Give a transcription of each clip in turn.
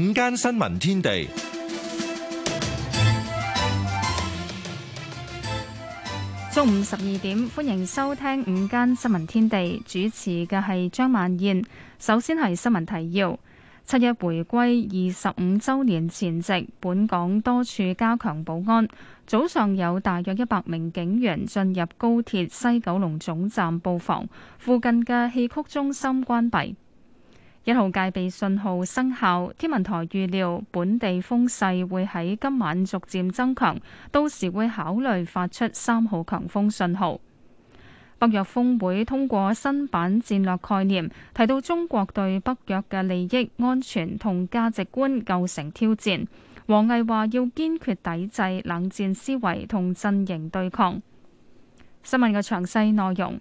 午間新聞天地，中午十二點，歡迎收聽午間新聞天地，主持嘅係張曼燕。首先係新聞提要：七日回歸二十五周年前夕，本港多處加強保安。早上有大約一百名警員進入高鐵西九龍總站布防，附近嘅戲曲中心關閉。一號戒備信號生效，天文台預料本地風勢會喺今晚逐漸增強，到時會考慮發出三號強風信號。北約峰會通過新版戰略概念，提到中國對北約嘅利益、安全同價值觀構成挑戰。王毅話要堅決抵制冷戰思維同陣營對抗。新聞嘅詳細內容。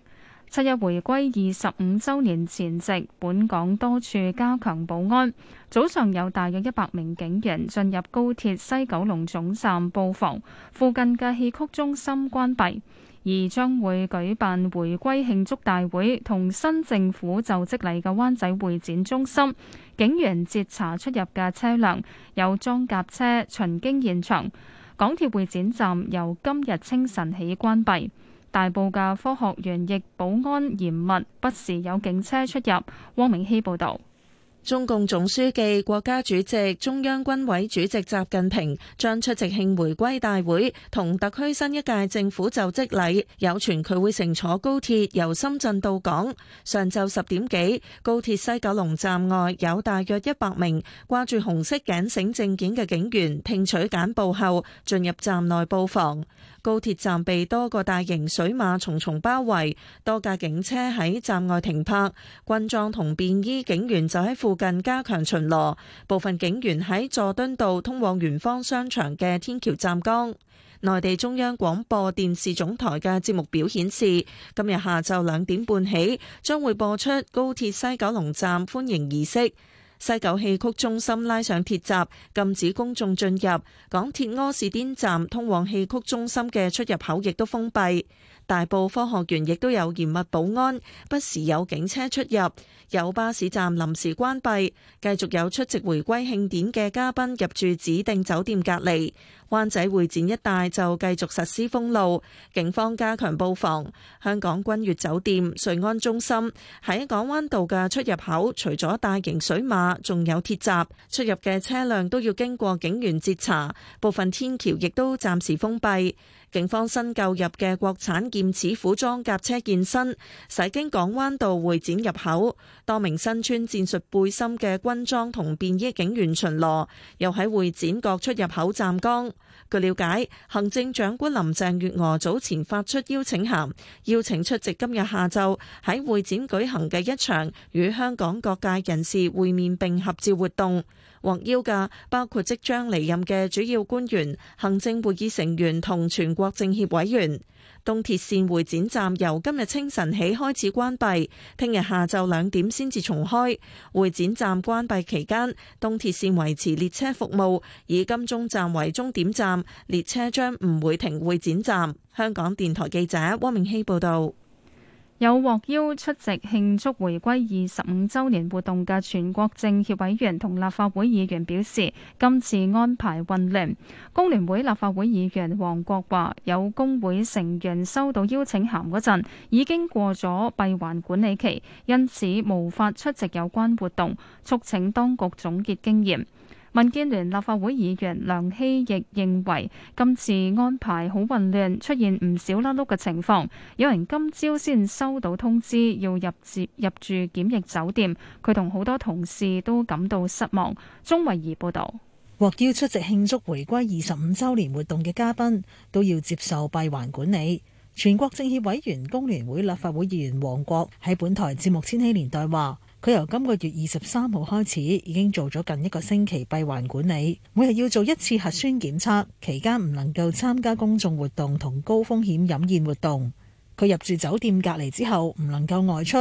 七日回歸二十五週年前夕，本港多處加強保安。早上有大約一百名警員進入高鐵西九龍總站佈防，附近嘅戲曲中心關閉，而將會舉辦回歸慶祝大會同新政府就職禮嘅灣仔會展中心，警員截查出入嘅車輛，有裝甲車巡經現場。港鐵會展站由今日清晨起關閉。大埔嘅科學園亦保安嚴密，不時有警車出入。汪明熙報導，中共總書記、國家主席、中央軍委主席習近平將出席慶回歸大會同特區新一屆政府就職禮，有傳佢會乘坐高鐵由深圳到港。上晝十點幾，高鐵西九龍站外有大約一百名掛住紅色頸繩證件嘅警員，聽取簡報後進入站內布防。高鐵站被多個大型水馬重重包圍，多架警車喺站外停泊，軍裝同便衣警員就喺附近加強巡邏。部分警員喺佐敦道通往圓方商場嘅天橋站崗。內地中央廣播電視總台嘅節目表顯示，今日下晝兩點半起將會播出高鐵西九龍站歡迎儀式。西九戲曲中心拉上鐵閘，禁止公眾進入。港鐵柯士甸站通往戲曲中心嘅出入口亦都封閉。大埔科學園亦都有嚴密保安，不時有警車出入，有巴士站臨時關閉，繼續有出席回歸慶典嘅嘉賓入住指定酒店隔離。灣仔會展一帶就繼續實施封路，警方加強佈防。香港君悅酒店、瑞安中心喺港灣道嘅出入口，除咗大型水馬，仲有鐵閘，出入嘅車輛都要經過警員截查。部分天橋亦都暫時封閉。警方新購入嘅國產劍齒虎裝甲車現身，駛經港灣道會展入口，多名身穿戰術背心嘅軍裝同便衣警員巡邏，又喺會展各出入口站崗。據了解，行政長官林鄭月娥早前發出邀請函，邀請出席今日下晝喺會展舉行嘅一場與香港各界人士會面並合照活動。獲邀嘅，包括即將離任嘅主要官員、行政會議成員同全國政協委員。東鐵線會展站由今日清晨起開始關閉，聽日下晝兩點先至重開。會展站關閉期間，東鐵線維持列車服務，以金鐘站為終點站，列車將唔會停會展站。香港電台記者汪明熙報道。有獲邀出席慶祝回歸二十五週年活動嘅全國政協委員同立法會議員表示，今次安排混亂。工聯會立法會議員黃國話，有工會成員收到邀請函嗰陣，已經過咗閉環管理期，因此無法出席有關活動，促請當局總結經驗。民建聯立法會議員梁希亦認為，今次安排好混亂，出現唔少甩碌嘅情況，有人今朝先收到通知要入住入住檢疫酒店，佢同好多同事都感到失望。鍾慧儀報道，獲邀出席慶祝回歸二十五周年活動嘅嘉賓都要接受閉環管理。全國政協委員、工聯會立法會議員黃國喺本台節目《千禧年代》話。佢由今個月二十三號開始，已經做咗近一個星期閉環管理，每日要做一次核酸檢測，期間唔能夠參加公眾活動同高風險飲宴活動。佢入住酒店隔離之後，唔能夠外出。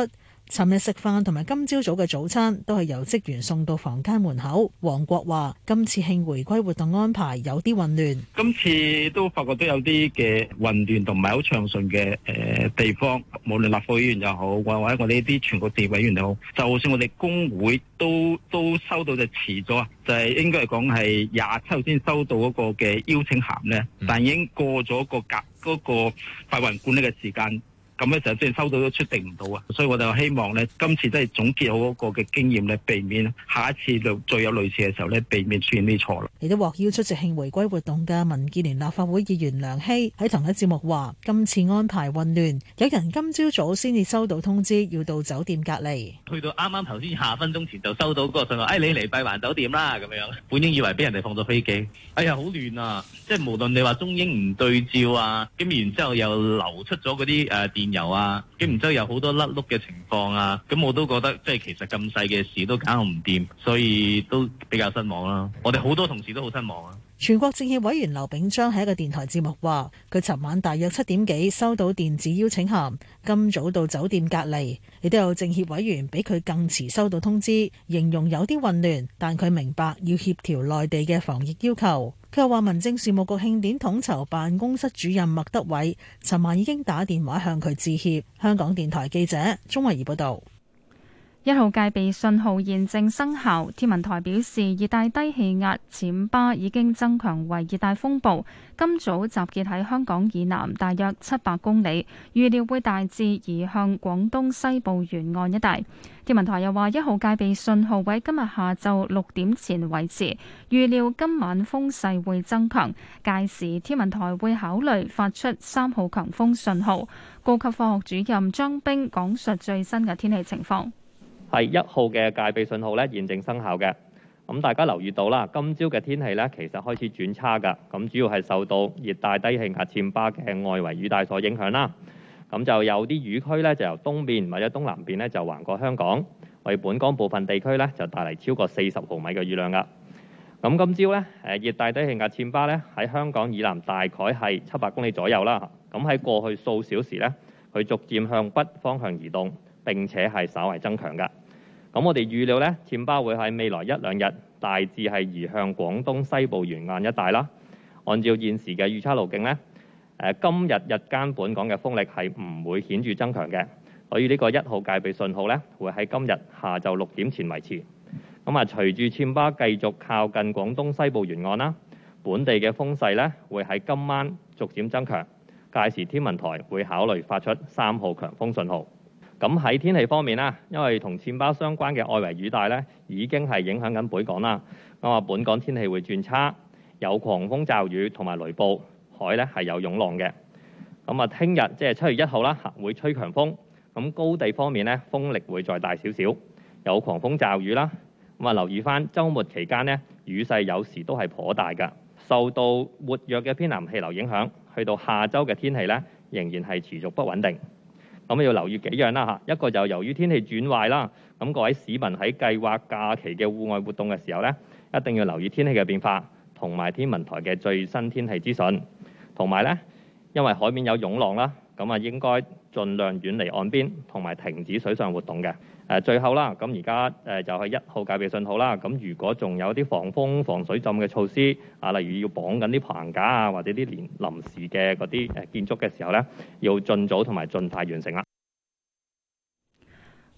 尋日食飯同埋今朝早嘅早、早餐都係由職員送到房間門口。黃國華話今次慶回歸活動安排有啲混亂。今次都發覺都有啲嘅混亂同埋好暢順嘅誒地方，無論立法會議員又好，或者我哋呢啲全國政協委員又好，就算我哋工會都都收到就遲咗，就係、是、應該係講係廿七號先收到嗰個嘅邀請函咧，但已經過咗個隔嗰、那個快運管理嘅時間。咁咧就雖然收到都出定唔到啊，所以我哋希望咧今次都係總結好嗰個嘅經驗咧，避免下一次再有類似嘅時候咧，避免出現呢啲錯啦。嚟到獲邀出席慶回歸活動嘅民建聯立法會議員梁熙喺同一節目話：今次安排混亂，有人今朝早先至收到通知要到酒店隔離，去到啱啱頭先下分鐘前就收到嗰個信，話，誒、哎、你嚟閉環酒店啦，咁樣，本應以為俾人哋放咗飛機，哎呀好亂啊！即係無論你話中英唔對照啊，咁然之後又流出咗嗰啲誒有啊，咁然之後有好多甩碌嘅情況啊，咁我都覺得即係其實咁細嘅事都搞唔掂，所以都比較失望啦。我哋好多同事都好失望啊。全國政協委員劉炳章喺一個電台節目話，佢尋晚大約七點幾收到電子邀請函，今早到酒店隔離，亦都有政協委員比佢更遲收到通知，形容有啲混亂，但佢明白要協調內地嘅防疫要求。佢話：民政事務局慶典統籌辦公室主任麥德偉，尋晚已經打電話向佢致歉。香港電台記者鍾慧儀報道。一號戒備信號現正生效。天文台表示，熱帶低氣壓淺巴已經增強為熱帶風暴，今早集結喺香港以南大約七百公里，預料會大致移向廣東西部沿岸一帶。天文台又話，一號戒備信號喺今日下晝六點前維持，預料今晚風勢會增強，屆時天文台會考慮發出三號強風信號。高級科學主任張冰講述最新嘅天氣情況。係一號嘅戒備信號咧，現正生效嘅。咁大家留意到啦，今朝嘅天氣咧，其實開始轉差㗎。咁主要係受到熱帶低氣壓暹芭嘅外圍雨帶所影響啦。咁就有啲雨區咧，就由東面或者東南邊咧，就橫過香港，為本港部分地區咧，就帶嚟超過四十毫米嘅雨量㗎。咁今朝咧，誒熱帶低氣壓暹芭咧，喺香港以南大概係七百公里左右啦。咁喺過去數小時咧，佢逐漸向北方向移動。並且係稍為增強嘅，咁我哋預料呢暹芭會喺未來一兩日大致係移向廣東西部沿岸一帶啦。按照現時嘅預測路徑呢，呃，今日日間本港嘅風力係唔會顯著增強嘅，所以呢個一號戒備信號呢會喺今日下晝六點前維持。咁啊，隨住暹芭繼續靠近廣東西部沿岸啦，本地嘅風勢呢會喺今晚逐漸增強，屆時天文台會考慮發出三號強風信號。咁喺天氣方面啦，因為同颱風相關嘅外圍雨帶咧，已經係影響緊本港啦。咁啊，本港天氣會轉差，有狂風驟雨同埋雷暴，海咧係有湧浪嘅。咁啊，聽日即係七月一號啦，吓會吹強風，咁高地方面咧，風力會再大少少，有狂風驟雨啦。咁啊，留意翻周末期間咧，雨勢有時都係頗大噶，受到活躍嘅偏南氣流影響，去到下周嘅天氣咧，仍然係持續不穩定。咁要留意幾樣啦嚇，一個就由於天氣轉壞啦，咁各位市民喺計劃假期嘅戶外活動嘅時候咧，一定要留意天氣嘅變化，同埋天文台嘅最新天氣資訊。同埋咧，因為海面有湧浪啦，咁啊應該盡量遠離岸邊，同埋停止水上活動嘅。誒最後啦，咁而家誒就係一號戒備信號啦。咁如果仲有啲防風防水浸嘅措施啊，例如要綁緊啲棚架啊，或者啲臨臨時嘅嗰啲誒建築嘅時候咧，要儘早同埋儘快完成啦。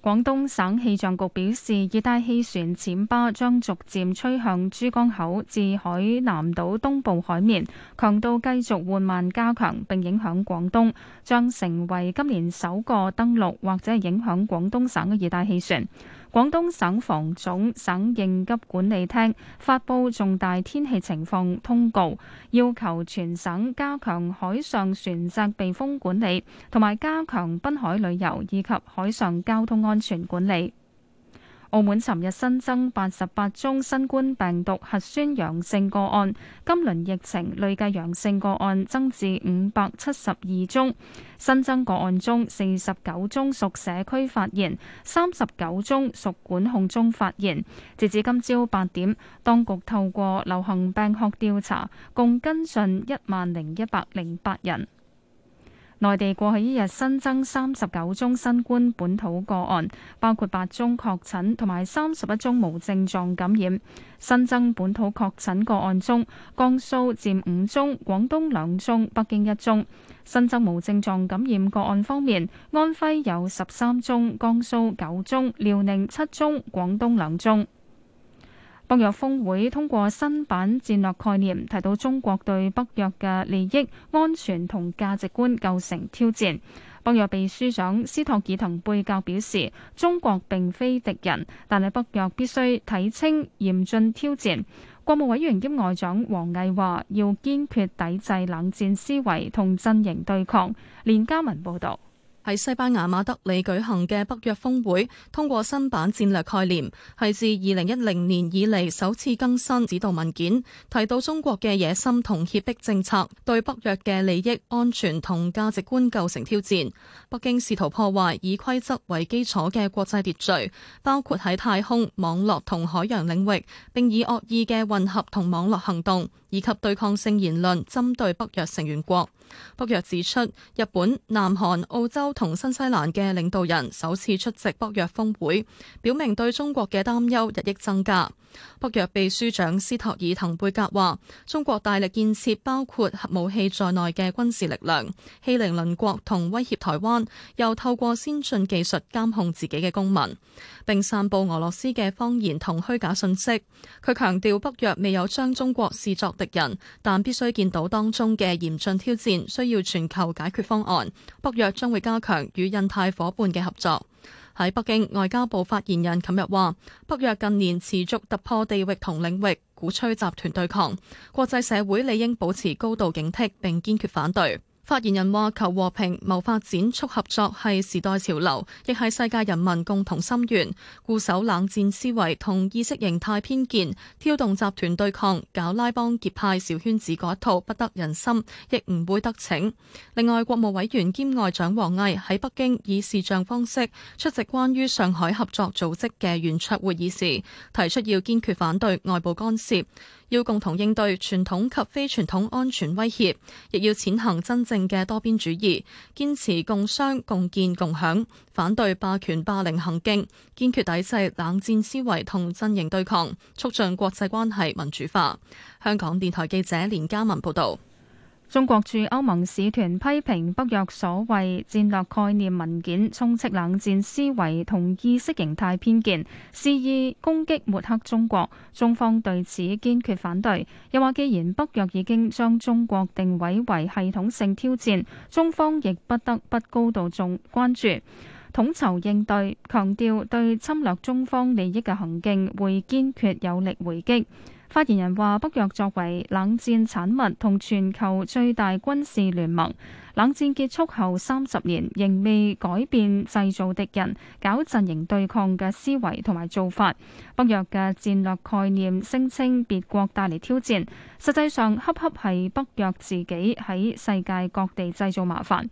廣東省氣象局表示，熱帶氣旋暹芭將逐漸吹向珠江口至海南島東部海面，強度繼續緩慢加強，並影響廣東，將成為今年首個登陸或者係影響廣東省嘅熱帶氣旋。廣東省防總省應急管理廳發佈重大天氣情況通告，要求全省加強海上船隻避風管理，同埋加強濱海旅遊以及海上交通安全管理。澳門尋日新增八十八宗新冠病毒核酸陽性個案，今輪疫情累計陽性個案增至五百七十二宗。新增個案中，四十九宗屬社區發現，三十九宗屬管控中發現。截至今朝八點，當局透過流行病學調查，共跟進一萬零一百零八人。內地過去一日新增三十九宗新冠本土個案，包括八宗確診同埋三十一宗無症狀感染。新增本土確診個案中，江蘇佔五宗，廣東兩宗，北京一宗。新增無症狀感染個案方面，安徽有十三宗，江蘇九宗，遼寧七宗，廣東兩宗。北約峰會通過新版戰略概念，提到中國對北約嘅利益、安全同價值觀構成挑戰。北約秘書長斯托爾滕貝格表示，中國並非敵人，但係北約必須睇清嚴峻挑戰。國務委員兼外長王毅話，要堅決抵制冷戰思維同陣營對抗。連家文報道。喺西班牙馬德里舉行嘅北約峰會通過新版戰略概念，係自二零一零年以來首次更新指導文件，提到中國嘅野心同脅迫政策對北約嘅利益、安全同價值觀構成挑戰。北京試圖破壞以規則為基礎嘅國際秩序，包括喺太空、網絡同海洋領域，並以惡意嘅混合同網絡行動以及對抗性言論針對北約成員國。北約指出，日本、南韓、澳洲同新西蘭嘅領導人首次出席北約峰會，表明對中國嘅擔憂日益增加。北約秘書長斯托爾滕貝格話，中國大力建設包括核武器在內嘅軍事力量，欺凌鄰國同威脅台灣，又透過先進技術監控自己嘅公民，並散布俄羅斯嘅謊言同虛假信息。佢強調，北約未有將中國視作敵人，但必須見到當中嘅嚴峻挑戰。需要全球解決方案。北約將會加強與印太夥伴嘅合作。喺北京，外交部發言人琴日話，北約近年持續突破地域同領域，鼓吹集團對抗，國際社會理應保持高度警惕，並堅決反對。發言人話：求和平、謀發展、促合作，係時代潮流，亦係世界人民共同心願。固守冷戰思維同意識形態偏見，挑動集團對抗、搞拉幫結派、小圈子嗰一套，不得人心，亦唔會得逞。另外，國務委員兼外長王毅喺北京以視像方式出席關於上海合作組織嘅圓桌會議時，提出要堅決反對外部干涉。要共同應對傳統及非傳統安全威脅，亦要踐行真正嘅多邊主義，堅持共商共建共享，反對霸權霸凌行徑，堅決抵制冷戰思維同陣營對抗，促進國際關係民主化。香港電台記者連嘉文報道。中國駐歐盟使團批評北約所謂戰略概念文件充斥冷戰思維同意識形態偏見，肆意攻擊抹黑中國。中方對此堅決反對。又話，既然北約已經將中國定位為系統性挑戰，中方亦不得不高度重關注、統籌應對，強調對侵略中方利益嘅行徑會堅決有力回擊。發言人話：北約作為冷戰產物，同全球最大軍事聯盟，冷戰結束後三十年仍未改變製造敵人、搞陣營對抗嘅思維同埋做法。北約嘅戰略概念聲稱別國帶嚟挑戰，實際上恰恰係北約自己喺世界各地製造麻煩。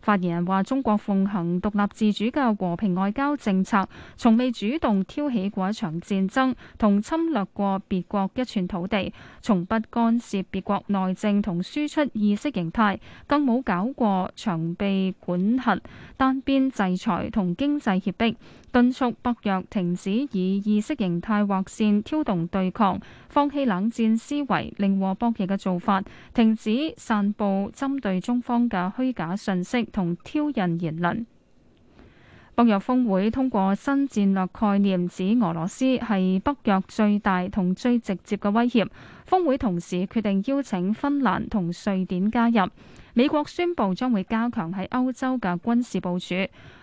發言人話：中國奉行獨立自主嘅和平外交政策，從未主動挑起過一場戰爭，同侵略過別國一寸土地，從不干涉別國內政同輸出意識形態，更冇搞過長臂管轄、單邊制裁同經濟脅迫。敦促北約停止以意識形態劃線挑動對抗，放棄冷戰思維，零和博弈嘅做法，停止散佈針對中方嘅虛假信息同挑釁言論。北約峰會通過新戰略概念，指俄羅斯係北約最大同最直接嘅威脅。峰會同時決定邀請芬蘭同瑞典加入。美國宣布將會加強喺歐洲嘅軍事部署。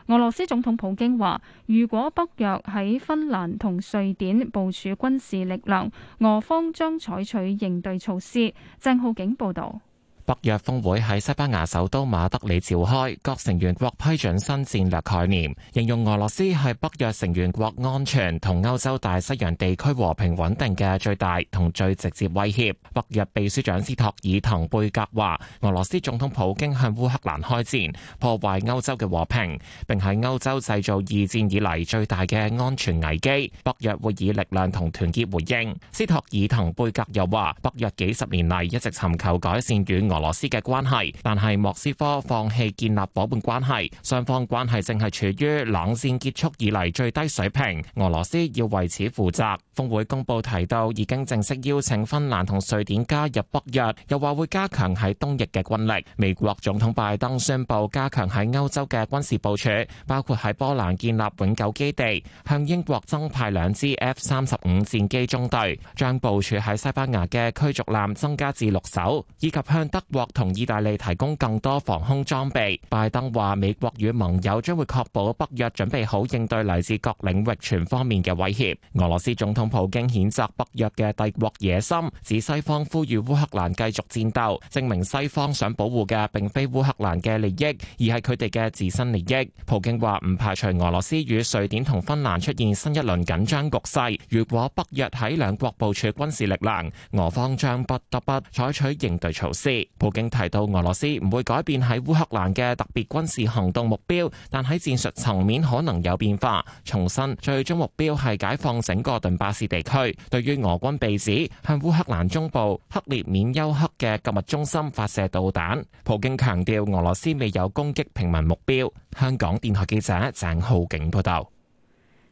俄羅斯總統普京話：如果北約喺芬蘭同瑞典部署軍事力量，俄方將採取應對措施。鄭浩景報導。北約峰會喺西班牙首都馬德里召開，各成員國批准新戰略概念，形容俄羅斯係北約成員國安全同歐洲大西洋地區和平穩定嘅最大同最直接威脅。北約秘書長斯托爾滕貝格話，俄羅斯總統普京向烏克蘭開戰，破壞歐洲嘅和平，並喺歐洲製造二戰以嚟最大嘅安全危機。北約會以力量同團結回應。斯托爾滕貝格又話，北約幾十年嚟一直尋求改善與俄。俄羅斯嘅關係，但係莫斯科放棄建立伙伴關係，雙方關係正係處於冷戰結束以嚟最低水平。俄羅斯要為此負責。峰會公布提到，已經正式邀請芬蘭同瑞典加入北約，又話會加強喺東翼嘅軍力。美國總統拜登宣布加強喺歐洲嘅軍事部署，包括喺波蘭建立永久基地，向英國增派兩支 F 三十五戰機中隊，將部署喺西班牙嘅驅逐艦增加至六艘，以及向德獲同意大利提供更多防空裝備。拜登話，美國與盟友將會確保北約準備好應對來自各領域全方面嘅威脅。俄羅斯總統普京譴責北約嘅帝國野心，指西方呼籲烏克蘭繼續戰鬥，證明西方想保護嘅並非烏克蘭嘅利益，而係佢哋嘅自身利益。普京話唔排除俄羅斯與瑞典同芬蘭出現新一輪緊張局勢。如果北約喺兩國部署軍事力量，俄方將不得不採取應對措施。普京提到，俄羅斯唔會改變喺烏克蘭嘅特別軍事行動目標，但喺戰術層面可能有變化。重申最終目標係解放整個頓巴斯地區，對於俄軍被指向烏克蘭中部克列緬休克嘅購物中心發射導彈，普京強調俄羅斯未有攻擊平民目標。香港電台記者鄭浩景報道。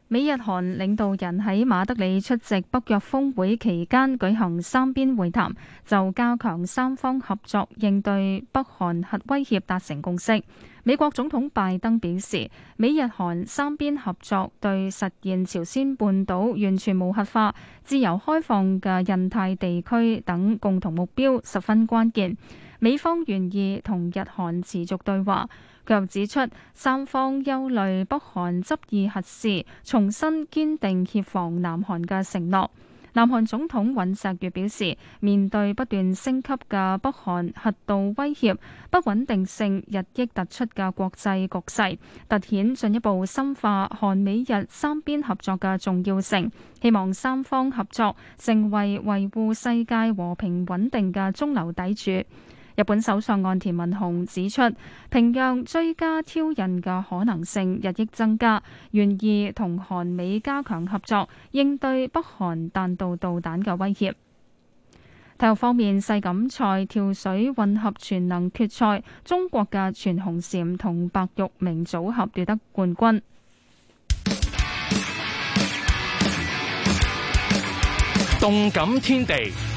美日韓領導人喺馬德里出席北約峰會期間舉行三邊會談，就加強三方合作應對北韓核威脅達成共識。美國總統拜登表示，美日韓三邊合作對實現朝鮮半島完全無核化、自由開放嘅印太地區等共同目標十分關鍵。美方願意同日韓持續對話，佢又指出三方憂慮北韓執意核試，重新堅定協防南韓嘅承諾。南韓總統尹錫悅表示，面對不斷升級嘅北韓核導威脅、不穩定性日益突出嘅國際局勢，突顯進一步深化韓美日三邊合作嘅重要性，希望三方合作成為維護世界和平穩定嘅中流砥柱。日本首相岸田文雄指出，平壤追加挑釁嘅可能性日益增加，願意同韓美加強合作，應對北韓彈道導彈嘅威脅。體育方面，世錦賽跳水混合全能決賽，中國嘅全紅嬋同白玉明組合奪得冠軍。動感天地。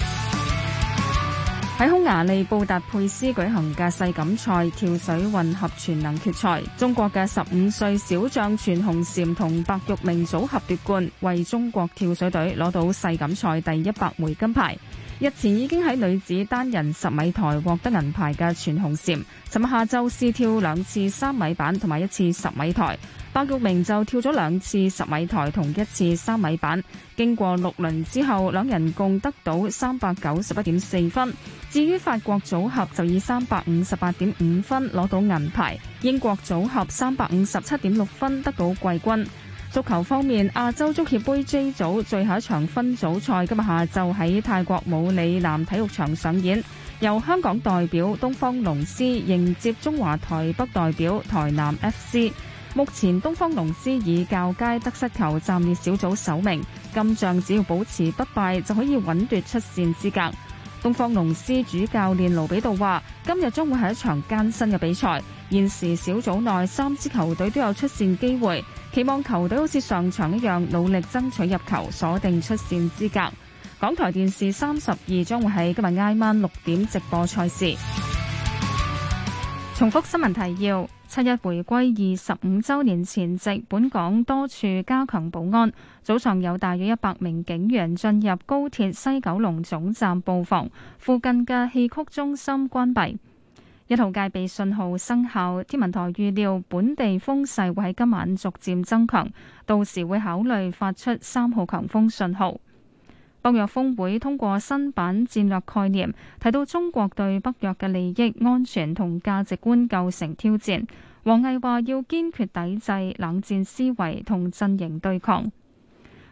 喺匈牙利布達佩斯舉行嘅世錦賽跳水混合全能決賽，中國嘅十五歲小將全紅嬋同白鈺鳴組合奪冠，為中國跳水隊攞到世錦賽第一百枚金牌。日前已經喺女子單人十米台獲得銀牌嘅全紅嬋，尋日下晝試跳兩次三米板同埋一次十米台。白玉明就跳咗兩次十米台同一次三米板，經過六輪之後兩人共得到三百九十一點四分。至於法國組合就以三百五十八點五分攞到銀牌，英國組合三百五十七點六分得到季軍。足球方面，亞洲足協杯 J 組最後一場分組賽今日下晝喺泰國武里南體育場上演，由香港代表東方龍獅迎接中華台北代表台南 F.C. 目前東方龍獅以較佳得失球暫列小組首名，今仗只要保持不敗就可以穩奪出線資格。東方龍獅主教練盧比道話：今日將會係一場艱辛嘅比賽。現時小組內三支球隊都有出線機會，期望球隊好似上場一樣努力爭取入球，鎖定出線資格。港台電視三十二將會喺今日挨晚六點直播賽事。重複新聞提要：七一回歸二十五周年前夕，本港多處加強保安。早上有大約一百名警員進入高鐵西九龍總站布防，附近嘅戲曲中心關閉。一號戒備信號生效，天文台預料本地風勢會喺今晚逐漸增強，到時會考慮發出三號強風信號。北約峰會通過新版戰略概念，提到中國對北約嘅利益、安全同價值觀構成挑戰。王毅話要堅決抵制冷戰思維同陣營對抗。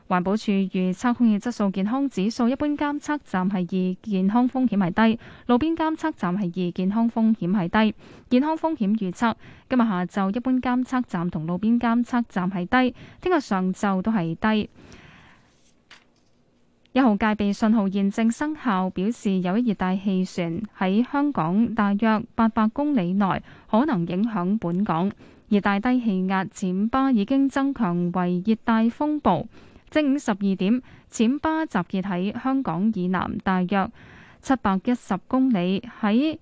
環保署預測空氣質素健康指數，一般監測站係二，健康風險係低；路邊監測站係二，健康風險係低。健康風險預測今日下晝一般監測站同路邊監測站係低，聽日上晝都係低。號戒備信號驗證生效，表示有一熱帶氣旋喺香港大約八百公里內可能影響本港。熱帶低氣壓淺巴已經增強為熱帶風暴。正午十二點，淺巴集結喺香港以南大約七百一十公里，喺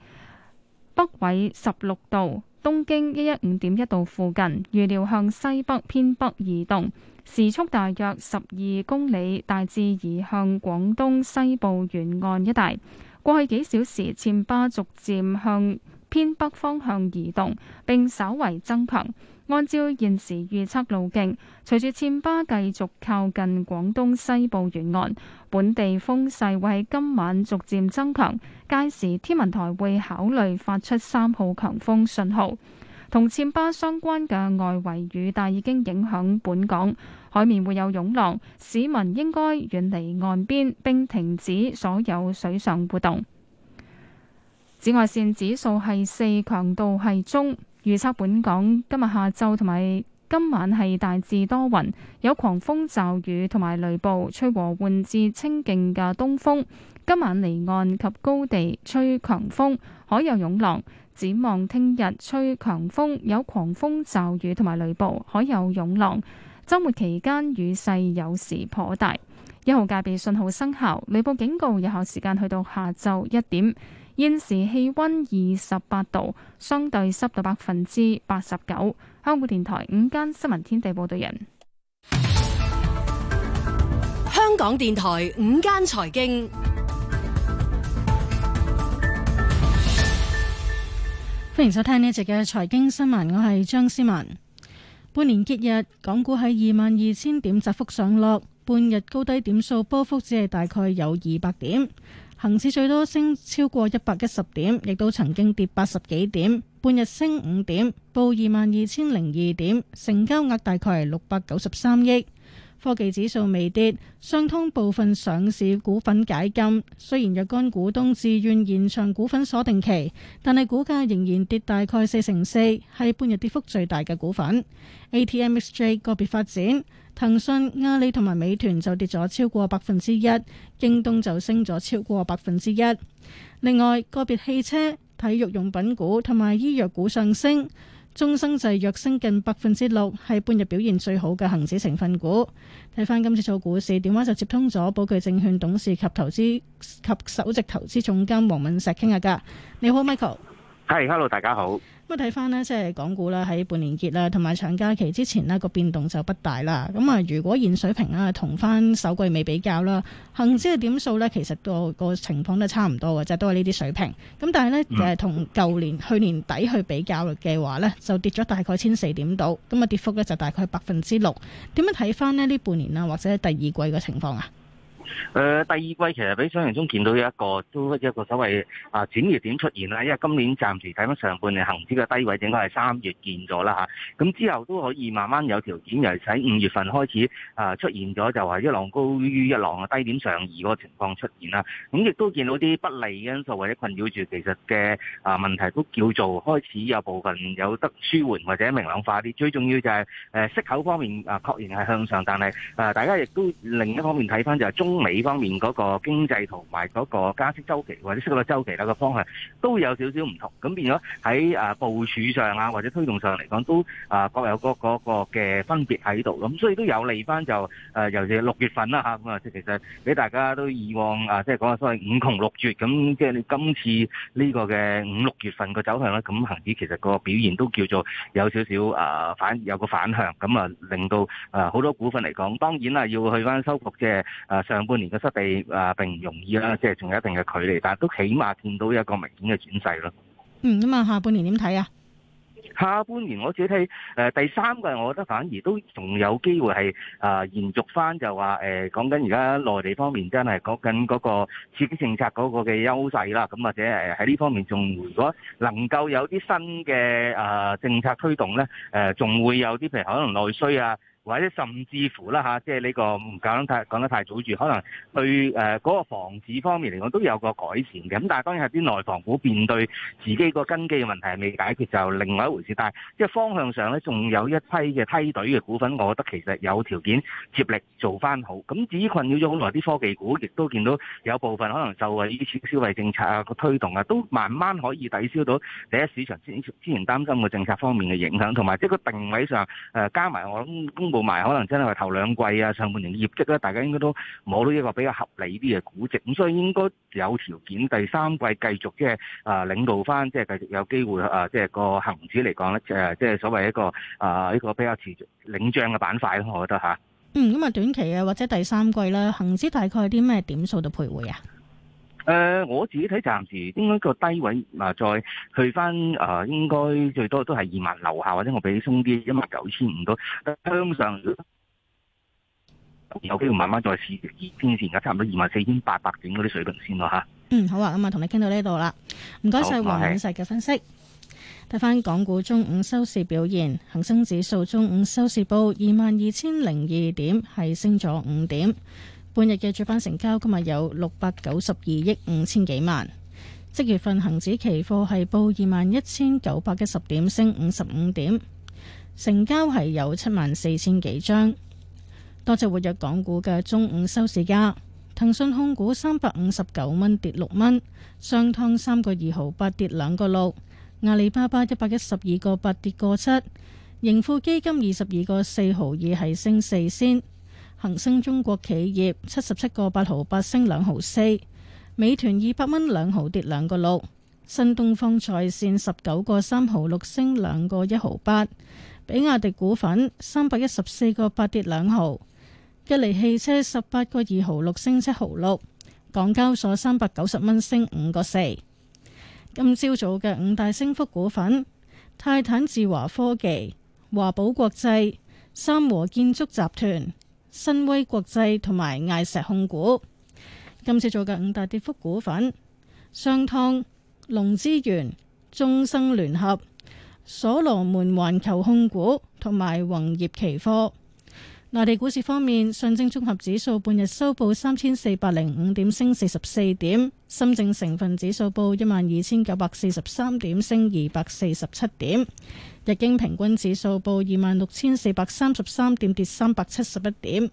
北緯十六度、東經一一五點一度附近，預料向西北偏北移動。時速大約十二公里，大致移向廣東西部沿岸一帶。過去幾小時，塔巴逐漸向偏北方向移動並稍為增強。按照現時預測路徑，隨住塔巴繼續靠近廣東西部沿岸，本地風勢會喺今晚逐漸增強。屆時，天文台會考慮發出三號強風信號。同暹芭相關嘅外圍雨帶已經影響本港，海面會有湧浪，市民應該遠離岸邊並停止所有水上活動。紫外線指數係四，強度係中。預測本港今日下晝同埋今晚係大致多雲，有狂風驟雨同埋雷暴，吹和緩至清勁嘅東風。今晚離岸及高地吹強風，海有湧浪。展望聽日吹強風，有狂風驟雨同埋雷暴，海有湧浪。周末期間雨勢有時頗大。一號戒備信號生效，雷暴警告有效時間去到下晝一點。現時氣溫二十八度，相對濕度百分之八十九。香港電台午間新聞天地報道人，香港電台午間財經。歡迎收聽呢一節嘅財經新聞，我係張思文。半年結日，港股喺二萬二千點窄幅上落，半日高低點數波幅只係大概有二百點，恒指最多升超過一百一十點，亦都曾經跌八十幾點，半日升五點，報二萬二千零二點，成交額大概係六百九十三億。科技指數未跌，商湯部分上市股份解禁。雖然若干股東自願延長股份鎖定期，但係股價仍然跌大概四成四，係半日跌幅最大嘅股份。ATMXJ 個別發展，騰訊、阿里同埋美團就跌咗超過百分之一，京東就升咗超過百分之一。另外，個別汽車、體育用品股同埋醫藥股上升。中生製躍升近百分之六，係半日表現最好嘅恆指成分股。睇返今次做股市，電話就接通咗保具證券董事及投資及首席投資總監黃敏石傾下㗎。你好，Michael。係，hello，大家好。咁啊，睇翻呢即係港股啦，喺半年結啦，同埋長假期之前呢個變動就不大啦。咁啊，如果現水平啊，同翻首季未比較啦，恒指嘅點數呢，其實個個情況都差唔多嘅，就都係呢啲水平。咁但係就係，同舊年去年底去比較嘅話呢，就跌咗大概千四點到。咁啊，跌幅呢就大概百分之六。點樣睇翻呢？呢半年啊，或者第二季嘅情況啊？誒、呃，第二季其實比想陽中見到有一個都一個所謂啊轉折點出現啦，因為今年暫時睇翻上半年恒指嘅低位，應該係三月見咗啦吓，咁、啊、之後都可以慢慢有條件，又喺五月份開始啊出現咗就話一浪高於一浪啊低點上移嗰個情況出現啦，咁、啊、亦都見到啲不利因素或者困擾住其實嘅啊問題都叫做開始有部分有得舒緩或者明朗化啲，最重要就係誒息口方面啊，確然係向上，但係啊大家亦都另一方面睇翻就係中。中美方面嗰個經濟同埋嗰個加息周期或者息率周期咧，個方向都有少少唔同，咁變咗喺誒部署上啊或者推動上嚟講都啊各有各個嘅分別喺度，咁所以都有利翻就誒，尤其是六月份啦嚇，咁啊即係，其實俾大家都以往啊，即係講所謂五窮六絕咁即係你今次呢個嘅五六月份個走向咧，咁恒指其實個表現都叫做有少少啊反有個反向，咁啊令到誒好、啊、多股份嚟講當然啦，要去翻收復即係。誒、啊、上。半年嘅失地啊，並唔容易啦，即係仲有一定嘅距離，但係都起碼見到一個明顯嘅轉勢咯、嗯。嗯，咁啊，下半年點睇啊？下半年我自己睇誒、呃、第三個，我覺得反而都仲有機會係啊、呃，延續翻就話誒、呃，講緊而家內地方面真係講緊嗰個刺激政策嗰個嘅優勢啦。咁、啊、或者誒喺呢方面仲如果能夠有啲新嘅誒、呃、政策推動咧，誒、呃、仲會有啲譬如可能內需啊。或者甚至乎啦吓，即係呢個唔講得太講得太早住，可能對誒、呃嗰個房子方面嚟講都有個改善嘅。咁但係當然係啲內房股面對自己個根基嘅問題係未解決就另外一回事。但係即係方向上咧，仲有一批嘅梯隊嘅股份，我覺得其實有條件接力做翻好。咁至於困擾咗好耐啲科技股，亦都見到有部分可能就係呢啲消費政策啊個推動啊，都慢慢可以抵消到第一市場之之前擔心嘅政策方面嘅影響，同埋即係個定位上誒加埋我諗公。布埋可能真係話頭兩季啊，上半年嘅業績咧，大家應該都摸到一個比較合理啲嘅估值，咁所以應該有條件第三季繼續即係啊，領導翻即係繼續有機會啊，即係個恒指嚟講咧，誒，即係所謂一個啊，一個比較持續領漲嘅板塊咯，我覺得吓。嗯，咁啊，短期啊或者第三季咧，恒指大概啲咩點數度徘徊啊？誒、呃，我自己睇，暫時應該個低位，啊，再去翻，啊、呃，應該最多都係二萬樓下，或者我俾你鬆啲，一萬九千五都向上，有機會慢慢再試。現時而家差唔多二萬四千八百點嗰啲水平先咯，吓、啊。嗯，好啊，咁啊，我同你傾到呢度啦，唔該晒黃敏世嘅分析。睇翻是港股中午收市表現，恒生指數中午收市報二萬二千零二點，係升咗五點。半日嘅主板成交今日有六百九十二億五千幾萬。即月份恒指期貨係報二萬一千九百一十點，升五十五點，成交係有七萬四千幾張。多隻活躍港股嘅中午收市價：騰訊控股三百五十九蚊跌六蚊，商湯三個二毫八跌兩個六；阿里巴巴一百一十二個八跌個七；盈富基金二十二個四毫二係升四仙。恒生中國企業七十七個八毫八升兩毫四，美團二百蚊兩毫跌兩個六，新東方在線十九個三毫六升兩個一毫八，比亞迪股份三百一十四個八跌兩毫，吉利汽車十八個二毫六升七毫六，港交所三百九十蚊升五個四。今朝早嘅五大升幅股份：泰坦智華科技、華寶國際、三和建築集團、新威國際同埋艾石控股，今次做嘅五大跌幅股份：商湯、龍資源、中生聯合、所羅門環球控股同埋宏業期貨。內地股市方面，上證綜合指數半日收報三千四百零五點，升四十四點；深證成分指數報一萬二千九百四十三點，升二百四十七點。日經平均指數報二萬六千四百三十三點，跌三百七十一點。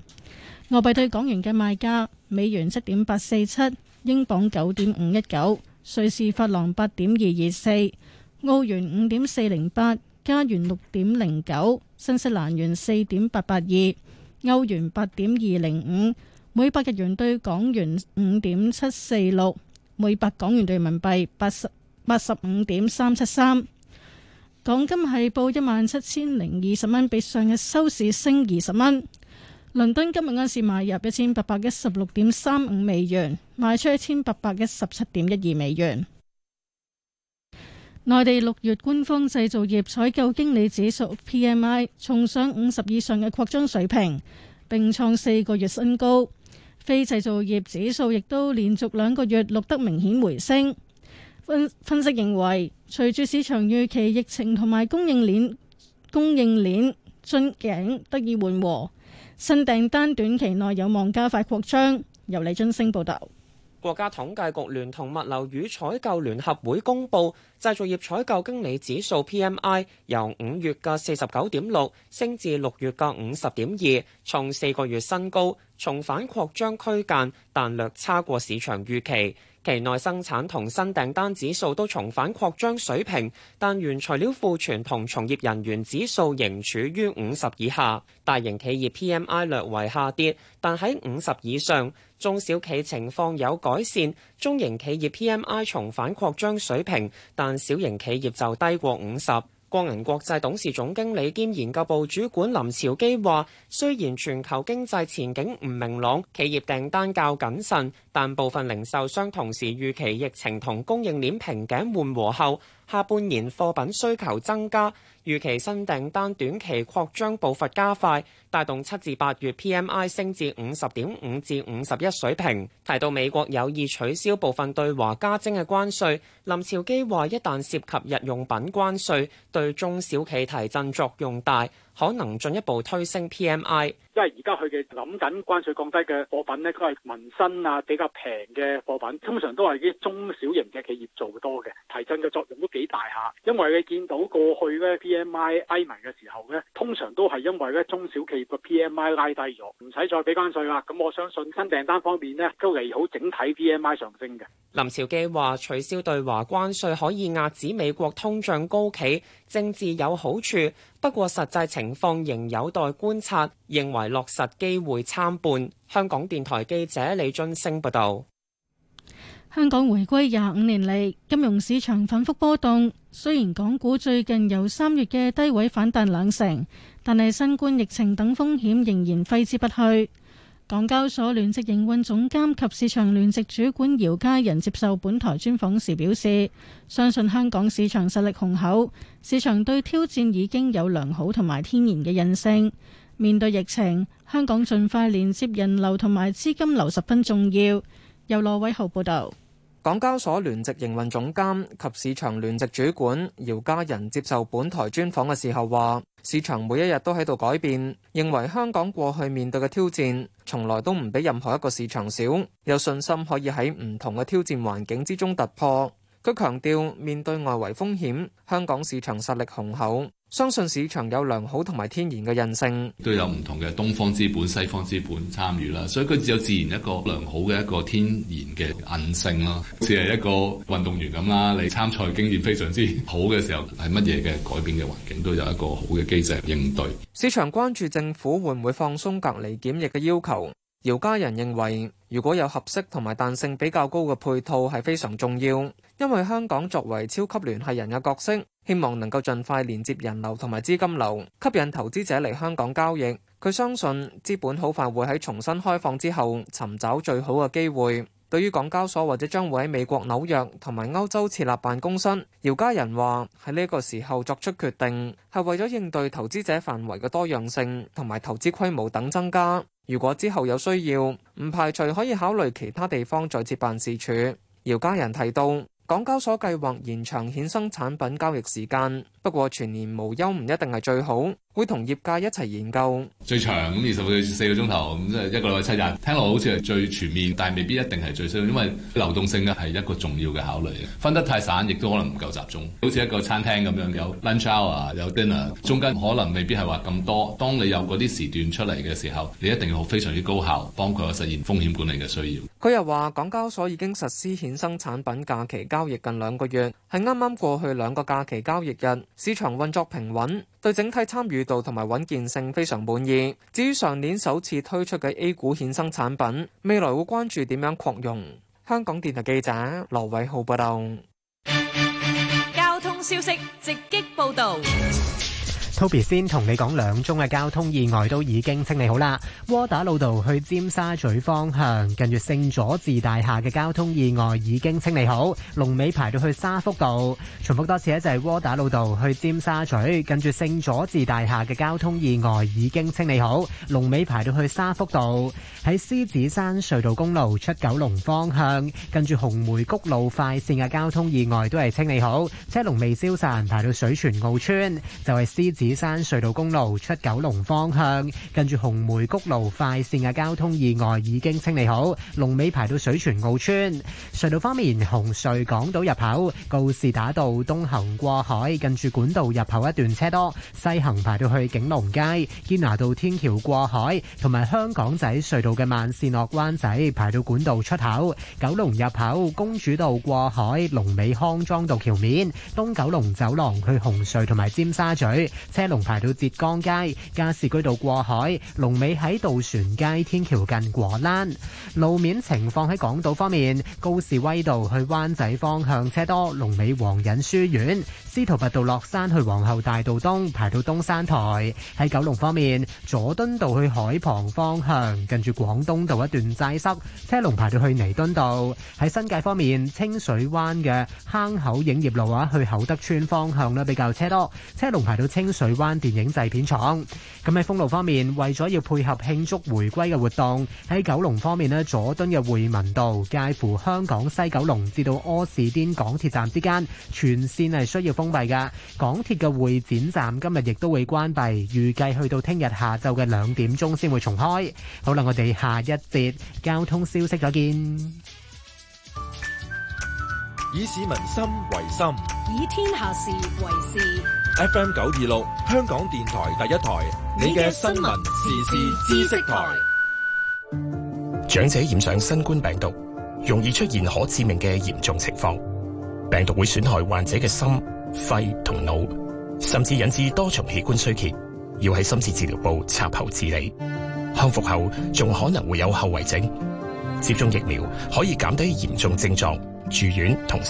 外幣對港元嘅賣價：美元七點八四七，英鎊九點五一九，瑞士法郎八點二二四，澳元五點四零八，加元六點零九，新西蘭元四點八八二，歐元八點二零五。每百日元對港元五點七四六，每百港元對人民幣八十八十五點三七三。港金係報一萬七千零二十蚊，比上日收市升二十蚊。倫敦今日按時買入一千八百一十六點三五美元，賣出一千八百一十七點一二美元。內地六月官方製造業採購經理指數 P M I 重上五十以上嘅擴張水平，並創四個月新高。非製造業指數亦都連續兩個月錄得明顯回升。分析認為，隨住市場預期疫情同埋供應鏈供應鏈進境得以緩和，新訂單短期內有望加快擴張。由李津升報導。國家統計局聯同物流與採購聯合會公佈，製造業採購經理指數 PMI 由五月嘅四十九點六升至六月嘅五十點二，創四個月新高。重返擴張區間，但略差過市場預期。期內生產同新訂單指數都重返擴張水平，但原材料庫存同從業人員指數仍處於五十以下。大型企業 PMI 略為下跌，但喺五十以上。中小企情況有改善，中型企業 PMI 重返擴張水平，但小型企業就低過五十。光銀國際董事總經理兼研究部主管林朝基話：雖然全球經濟前景唔明朗，企業訂單較謹慎，但部分零售商同時預期疫情同供應鏈瓶頸緩和後。下半年貨品需求增加，預期新訂單短期擴張步伐加快，帶動七至八月 PMI 升至五十點五至五十一水平。提到美國有意取消部分對華加徵嘅關稅，林朝基話：一旦涉及日用品關稅，對中小企提振作用大。可能進一步推升 PMI，因為而家佢嘅諗緊關稅降低嘅貨品呢都係民生啊比較平嘅貨品，通常都係啲中小型嘅企業做多嘅，提振嘅作用都幾大下。因為你見到過去咧 PMI 低迷嘅時候呢通常都係因為咧中小企業嘅 PMI 拉低咗，唔使再俾關稅啦。咁我相信新訂單方面呢都利好整體 PMI 上升嘅。林兆基話：取消對華關稅可以壓止美國通脹高企。政治有好處，不過實際情況仍有待觀察，認為落實機會參半。香港電台記者李俊升報道。香港回歸廿五年嚟，金融市場反復波動，雖然港股最近由三月嘅低位反彈兩成，但係新冠疫情等風險仍然揮之不去。港交所聯席營運總監及市場聯席主管姚嘉仁接受本台專訪時表示，相信香港市場實力雄厚，市場對挑戰已經有良好同埋天然嘅韌性。面對疫情，香港盡快連接人流同埋資金流十分重要。由羅偉豪報道。港交所聯席營運總監及市場聯席主管姚嘉仁接受本台專訪嘅時候話，市場每一日都喺度改變，認為香港過去面對嘅挑戰從來都唔比任何一個市場少，有信心可以喺唔同嘅挑戰環境之中突破。佢強調，面對外圍風險，香港市場實力雄厚。相信市場有良好同埋天然嘅韌性，都有唔同嘅東方資本、西方資本參與啦，所以佢只有自然一個良好嘅一個天然嘅韌性囉，似係一個運動員咁啦。你參賽經驗非常之好嘅時候，係乜嘢嘅改變嘅環境，都有一個好嘅機制應對。市場關注政府會唔會放鬆隔離檢疫嘅要求？姚家仁認為，如果有合適同埋彈性比較高嘅配套係非常重要，因為香港作為超級聯繫人嘅角色。希望能夠盡快連接人流同埋資金流，吸引投資者嚟香港交易。佢相信資本好快會喺重新開放之後尋找最好嘅機會。對於港交所或者將會喺美國紐約同埋歐洲設立辦公室，姚嘉仁話喺呢個時候作出決定，係為咗應對投資者範圍嘅多樣性同埋投資規模等增加。如果之後有需要，唔排除可以考慮其他地方再設辦事處。姚嘉仁提到。港交所計劃延長衍生產品交易時間，不過全年無休唔一定係最好。會同業界一齊研究最長咁二十四個鐘頭咁，即係一個禮拜七日，聽落好似係最全面，但係未必一定係最需要，因為流動性呢係一個重要嘅考慮。分得太散，亦都可能唔夠集中。好似一個餐廳咁樣，有 lunch hour，有 dinner，中間可能未必係話咁多。當你有嗰啲時段出嚟嘅時候，你一定要非常之高效，幫佢實現風險管理嘅需要。佢又話，港交所已經實施衍生產品假期交易近兩個月，係啱啱過去兩個假期交易日，市場運作平穩，對整體參與渠道同埋穩健性非常滿意。至於上年首次推出嘅 A 股衍生產品，未來會關注點樣擴容。香港電台記者羅偉浩報道。交通消息直擊報道。Toby 先同你講兩宗嘅交通意外都已經清理好啦。窩打老道去尖沙咀方向，近住聖佐治大廈嘅交通意外已經清理好，龍尾排到去沙福道。重複多次咧，就係窩打老道去尖沙咀，近住聖佐治大廈嘅交通意外已經清理好，龍尾排到去沙福道。喺獅子山隧道公路出九龍方向，近住紅梅谷路快綫嘅交通意外都係清理好，車龍未消散，排到水泉澳村就係獅子。山隧道公路出九龍方向，近住紅梅谷路快線嘅交通意外已經清理好，龍尾排到水泉澳村。隧道方面，紅隧港島入口告士打道東行過海，近住管道入口一段車多，西行排到去景隆街堅拿道天橋過海，同埋香港仔隧道嘅慢線落灣仔排到管道出口，九龍入口公主道過海，龍尾康莊道橋面東九龍走廊去紅隧同埋尖沙咀。車龍排到浙江街、加士居道過海，龍尾喺渡船街天橋近果欄。路面情況喺港島方面，高士威道去灣仔方向車多，龍尾黃隱書院；司徒拔道落山去皇后大道東排到東山台。喺九龍方面，佐敦道去海旁方向近住廣東道一段擠塞，車龍排到去彌敦道。喺新界方面，清水灣嘅坑口影業路啊，去厚德村方向咧比較車多，車龍排到清。水灣電影製片廠。咁喺封路方面，為咗要配合慶祝回歸嘅活動，喺九龍方面咧，佐敦嘅匯民道介乎香港西九龍至到柯士甸港鐵站之間全綫係需要封閉㗎。港鐵嘅會展站今日亦都會關閉，預計去到聽日下晝嘅兩點鐘先會重開。好啦，我哋下一節交通消息再見。以市民心為心，以天下事為事。FM 九二六，香港電台第一台，你嘅新聞、時事、知識台。長者染上新冠病毒，容易出現可致命嘅嚴重情況。病毒會損害患者嘅心、肺同腦，甚至引致多重器官衰竭，要喺深切治療部插喉治理。康復後仲可能會有後遺症。接種疫苗可以減低嚴重症狀。住院同時